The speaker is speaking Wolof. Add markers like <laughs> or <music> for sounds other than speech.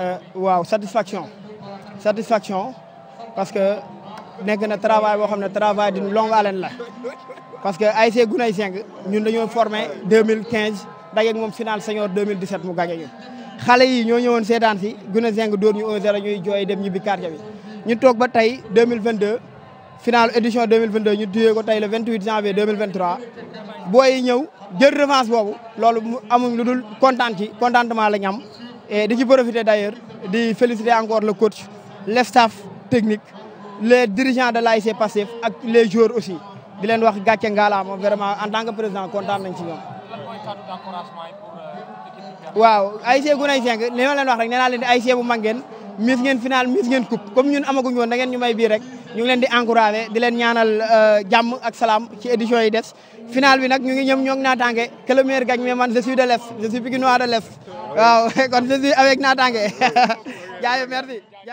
Euh, waaw satisfaction satisfaction parce que nekk na travail boo xam ne travail d'une longue haleine la parce que ASC Guney Seng ñun dañoo formé 2015 dajeeg moom final senior 2017 mu gagné ñu xale yi ñoo ñëwoon seetaan si Guney Seng dóor ñu 1-0 ñuy jooy dem ñibbi quartier bi ñu toog ba tey 2022 final édition 2022 ñu tuyee ko tey le 28 janvier 2023 booy ñëw jël revanche boobu loolu amuñ lu dul kontaan ci contentement la ñu am Et ci profiter d'ailleurs, de féliciter encore le coach, le staff technique, les dirigeants de l'AIC Passif et les joueurs aussi. leen wax dire que vraiment, en tant que président, content de nous. Wow, AIC Gounaï 5, nous allons leur dire que l'AIC est mis ngeen final mis ngeen coupe comme ñun amaguñ woon da ngeen ñu may bii leen di encouragé di leen ñaanal euh, jàmm ak salaam ci édition yi des final bi nag ñu ngi ñoom ñoo ngi naataange que le meilleur gagne de l'Est je suis Pikinois de l'Est ah waaw <laughs> kon je suis naataange <laughs> jaay merci